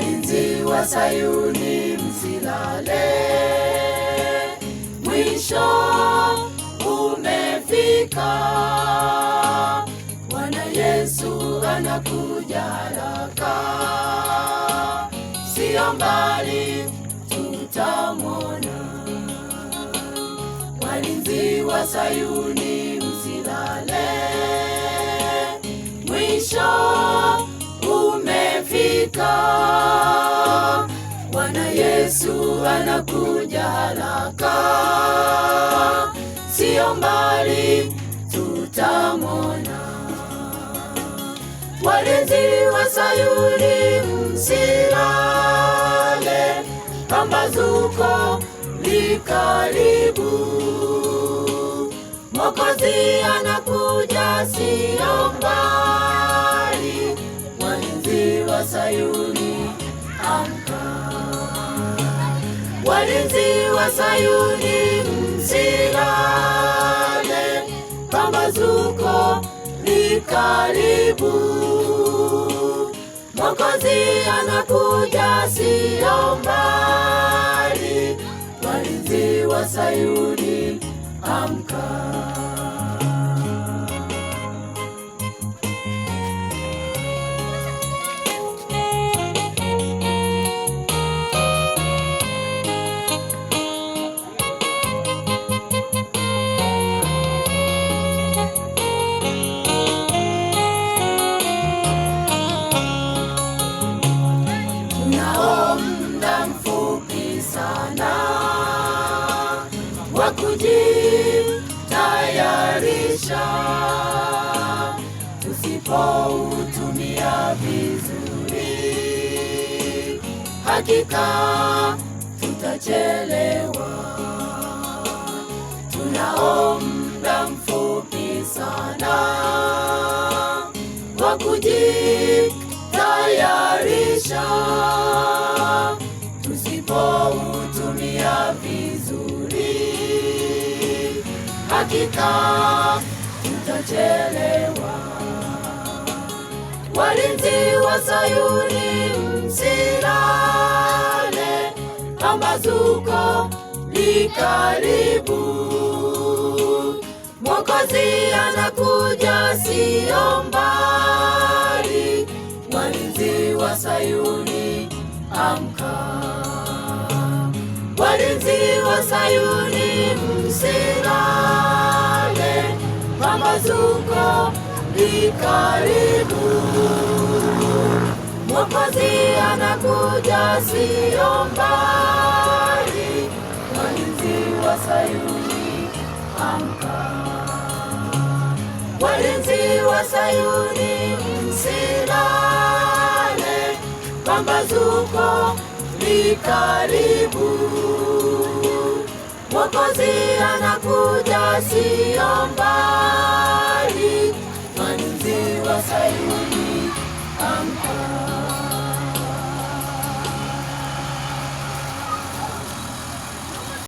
Walinzi wa Sayuni msilale, mwisho umefika. Bwana Yesu anakuja haraka, sio mbali, tutamwona. Walinzi wa Sayuni msilale, mwisho umefika. Yesu anakuja haraka, sio mbali, tutamona Walinzi wa Sayuni, msilale, pambazuko likaribu. Mwokozi anakuja, sio mbali, walinzi wa Sayuni Walinzi wa Sayuni, msilale, pambazuko ni karibu. Mwokozi anakuja, siyo mbali. Walinzi wa Sayuni, amka. sana vizuri, hakika tutachelewa. Tunao muda mfupi sana wa kujitayarisha, tusipoutumia vizuri hakika mtachelewa. Walinzi wa Sayuni, msilale, pambazuko likaribu. karibu. Mwokozi anakuja, sio mbali. Walinzi wa Sayuni, amka. Walinzi wa Sayuni, msilale pambazuko ni karibu, Mwokozi anakuja, sio mbali. Walinzi wa Sayuni, amka! Walinzi wa Sayuni, msilale, pambazuko ni karibu. Mwokozi anakuja, sio mbali, mlinzi wa Sayuni amka.